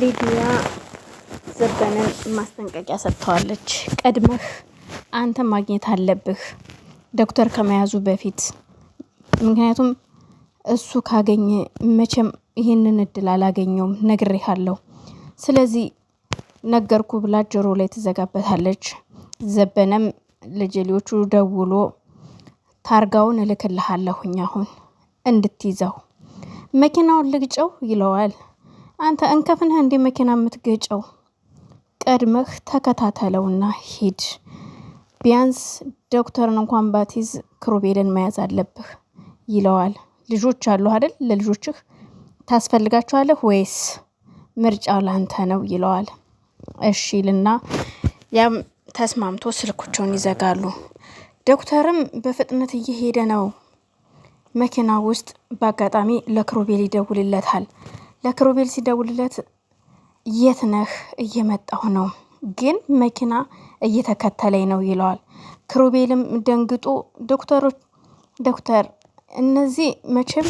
ሊዲያ ዘበንን ማስጠንቀቂያ ሰጥተዋለች። ቀድመህ አንተ ማግኘት አለብህ ዶክተር ከመያዙ በፊት ምክንያቱም እሱ ካገኘ መቼም ይህንን እድል አላገኘውም፣ ነግሬሃለሁ። ስለዚህ ነገርኩ ብላ ጆሮ ላይ ትዘጋበታለች። ዘበነም ለጀሌዎቹ ደውሎ ታርጋውን እልክልሃለሁኝ አሁን እንድትይዘው መኪናውን ልግጨው ይለዋል። አንተ እንከፍንህ እንዲ መኪና የምትገጨው? ቀድመህ ተከታተለውና ሂድ። ቢያንስ ዶክተርን እንኳን ባቲዝ ክሩቤልን መያዝ አለብህ ይለዋል። ልጆች አሉ አይደል? ለልጆችህ ታስፈልጋቸዋለህ ወይስ ምርጫው ላንተ ነው ይለዋል። እሺ ልና ያም ተስማምቶ ስልኮቸውን ይዘጋሉ። ዶክተርም በፍጥነት እየሄደ ነው። መኪና ውስጥ በአጋጣሚ ለክሩቤል ይደውልለታል። ለክሮቤል ሲደውልለት የት ነህ እየመጣሁ ነው ግን መኪና እየተከተለኝ ነው ይለዋል። ክሩቤልም ደንግጦ ዶክተሮች ዶክተር እነዚህ መቼም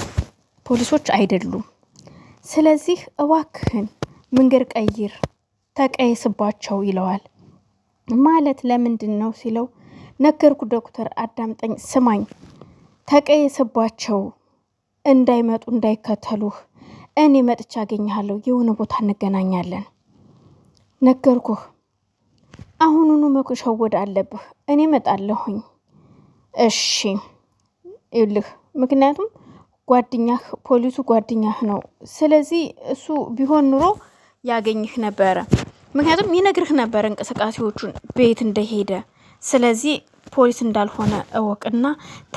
ፖሊሶች አይደሉም፣ ስለዚህ እባክህን መንገድ ቀይር ተቀየስባቸው ይለዋል። ማለት ለምንድን ነው ሲለው ነገርኩ ዶክተር አዳምጠኝ፣ ስማኝ ተቀየስባቸው እንዳይመጡ እንዳይከተሉህ እኔ መጥቼ አገኘሃለሁ፣ የሆነ ቦታ እንገናኛለን። ነገርኩህ፣ አሁኑኑ መሸወድ አለብህ። እኔ መጣለሁኝ። እሺ ይልህ ምክንያቱም ጓደኛህ ፖሊሱ ጓደኛህ ነው። ስለዚህ እሱ ቢሆን ኑሮ ያገኝህ ነበረ። ምክንያቱም ይነግርህ ነበረ እንቅስቃሴዎቹን ቤት እንደሄደ። ስለዚህ ፖሊስ እንዳልሆነ እወቅና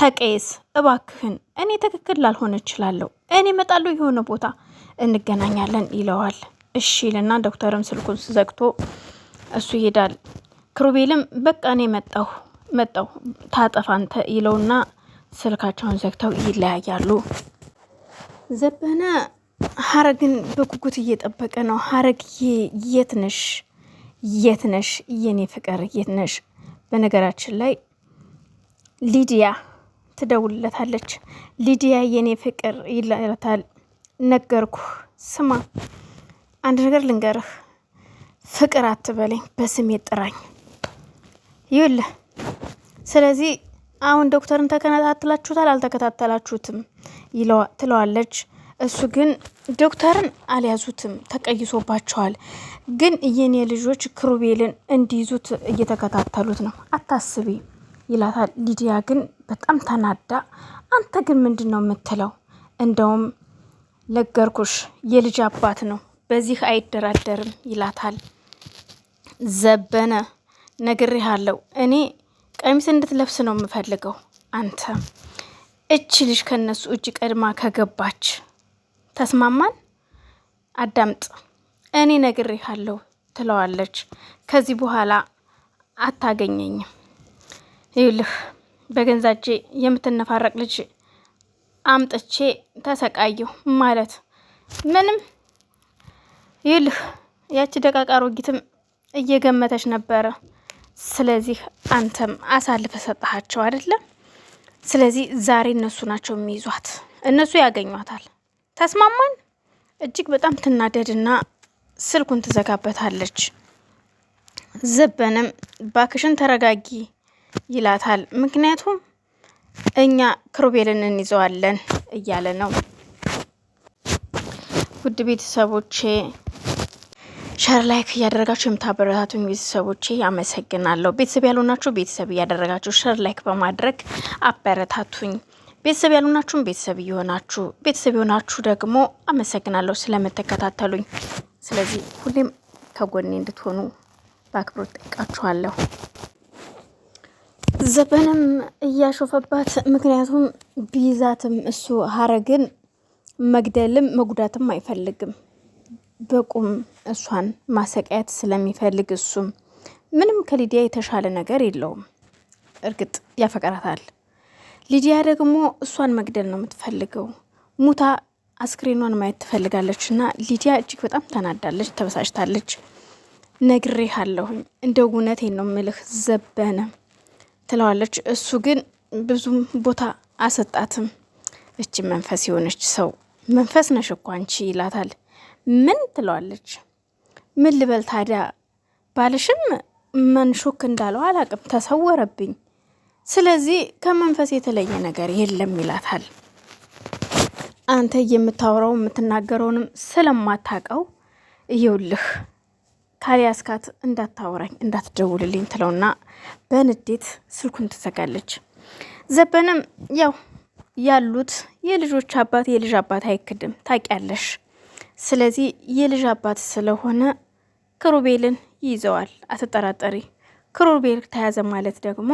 ተቀየስ እባክህን። እኔ ትክክል ላልሆነ እችላለሁ፣ እኔ እመጣለሁ የሆነ ቦታ እንገናኛለን ይለዋል። እሺ ይልና ዶክተርም ስልኩን ዘግቶ እሱ ይሄዳል። ክሩቤልም በቃ እኔ መጣሁ መጣሁ ታጠፋ አንተ ይለውና ስልካቸውን ዘግተው ይለያያሉ። ዘበነ ሀረግን በጉጉት እየጠበቀ ነው። ሀረግ የት ነሽ? የት ነሽ? የኔ ፍቅር የት ነሽ? በነገራችን ላይ ሊዲያ ትደውልለታለች። ሊዲያ የኔ ፍቅር ይላታል። ነገርኩ። ስማ አንድ ነገር ልንገርህ፣ ፍቅር አትበለኝ፣ በስሜ ጥራኝ ይኸውልህ። ስለዚህ አሁን ዶክተርን ተከታተላችሁታል አልተከታተላችሁትም? ትለዋለች። እሱ ግን ዶክተርን አልያዙትም፣ ተቀይሶባቸዋል። ግን የኔ ልጆች ክሩቤልን እንዲይዙት እየተከታተሉት ነው፣ አታስቢ ይላታል። ሊዲያ ግን በጣም ተናዳ አንተ ግን ምንድን ነው የምትለው? እንደውም ለገርኩሽ የልጅ አባት ነው፣ በዚህ አይደራደርም ይላታል። ዘበነ ነግሬሃለሁ፣ እኔ ቀሚስ እንድትለብስ ነው የምፈልገው። አንተ እች ልጅ ከነሱ እጅ ቀድማ ከገባች ተስማማን? አዳምጥ፣ እኔ ነግሬሃለሁ ትለዋለች። ከዚህ በኋላ አታገኘኝም ይልህ በገዛ እጄ የምትነፋረቅ ልጅ አምጥቼ ተሰቃየሁ ማለት ምንም። ይልህ ያቺ ደቃቃ አሮጊትም እየገመተች ነበረ። ስለዚህ አንተም አሳልፈ ሰጠሃቸው አይደለም። ስለዚህ ዛሬ እነሱ ናቸው የሚይዟት፣ እነሱ ያገኟታል። ተስማማን። እጅግ በጣም ትናደድና ስልኩን ትዘጋበታለች። ዘበንም ባክሽን ተረጋጊ ይላታል። ምክንያቱም እኛ ክሩቤልን እንይዘዋለን እያለ ነው። ውድ ቤተሰቦቼ ሸር ላይክ እያደረጋችሁ የምታበረታቱኝ ቤተሰቦቼ አመሰግናለሁ ቤተሰብ ያልሆናችሁ ቤተሰብ እያደረጋችሁ ሸር ላይክ በማድረግ አበረታቱኝ። ቤተሰብ ያልሆናችሁም ቤተሰብ እየሆናችሁ ቤተሰብ የሆናችሁ ደግሞ አመሰግናለሁ ስለምትከታተሉኝ። ስለዚህ ሁሌም ከጎኔ እንድትሆኑ በአክብሮት ጠይቃችኋለሁ። ዘበንም እያሾፈባት ምክንያቱም ቢይዛትም እሱ ሀረግን መግደልም መጉዳትም አይፈልግም። በቁም እሷን ማሰቃየት ስለሚፈልግ እሱም ምንም ከሊዲያ የተሻለ ነገር የለውም። እርግጥ ያፈቅራታል። ሊዲያ ደግሞ እሷን መግደል ነው የምትፈልገው። ሙታ አስክሬኗን ማየት ትፈልጋለች። እና ሊዲያ እጅግ በጣም ተናዳለች፣ ተበሳጭታለች። ነግሬሃለሁኝ፣ እንደ እውነቴን ነው ምልህ ዘበነ ትለዋለች። እሱ ግን ብዙም ቦታ አሰጣትም። እች መንፈስ የሆነች ሰው መንፈስ ነሽ እኮ አንቺ ይላታል። ምን ትለዋለች። ምን ልበል ታዲያ ባልሽም መንሾክ እንዳለው አላቅም ተሰወረብኝ። ስለዚህ ከመንፈስ የተለየ ነገር የለም ይላታል። አንተ የምታወራው የምትናገረውንም ስለማታቀው እየውልህ? ካሊያስካት እንዳታወራኝ እንዳትደውልልኝ ትለውና በንዴት ስልኩን ትዘጋለች። ዘበነም ያው ያሉት የልጆች አባት የልጅ አባት አይክድም ታውቂያለሽ። ስለዚህ የልጅ አባት ስለሆነ ክሩቤልን ይይዘዋል፣ አትጠራጠሪ። ክሩቤል ተያዘ ማለት ደግሞ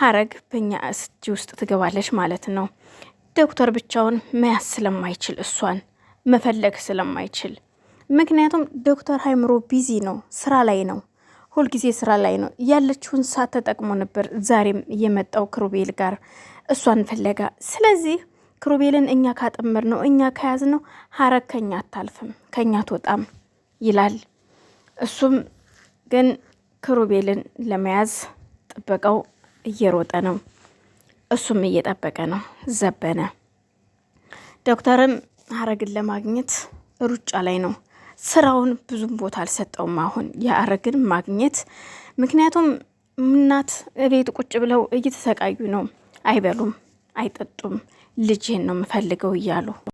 ሀረግ በእኛ እጅ ውስጥ ትገባለች ማለት ነው። ዶክተር ብቻውን መያዝ ስለማይችል እሷን መፈለግ ስለማይችል ምክንያቱም ዶክተር ሀይምሮ ቢዚ ነው፣ ስራ ላይ ነው፣ ሁልጊዜ ስራ ላይ ነው። ያለችውን ሰዓት ተጠቅሞ ነበር ዛሬም የመጣው ክሩቤል ጋር እሷን ፍለጋ። ስለዚህ ክሩቤልን እኛ ካጠመር ነው እኛ ከያዝ ነው ሀረግ ከኛ አታልፍም ከኛ አትወጣም ይላል። እሱም ግን ክሩቤልን ለመያዝ ጥበቃው እየሮጠ ነው፣ እሱም እየጠበቀ ነው። ዘበነ ዶክተርም ሀረግን ለማግኘት ሩጫ ላይ ነው። ስራውን ብዙም ቦታ አልሰጠውም። አሁን የአረግን ማግኘት ምክንያቱም እናት ቤት ቁጭ ብለው እየተሰቃዩ ነው። አይበሉም፣ አይጠጡም ልጅህን ነው የምፈልገው እያሉ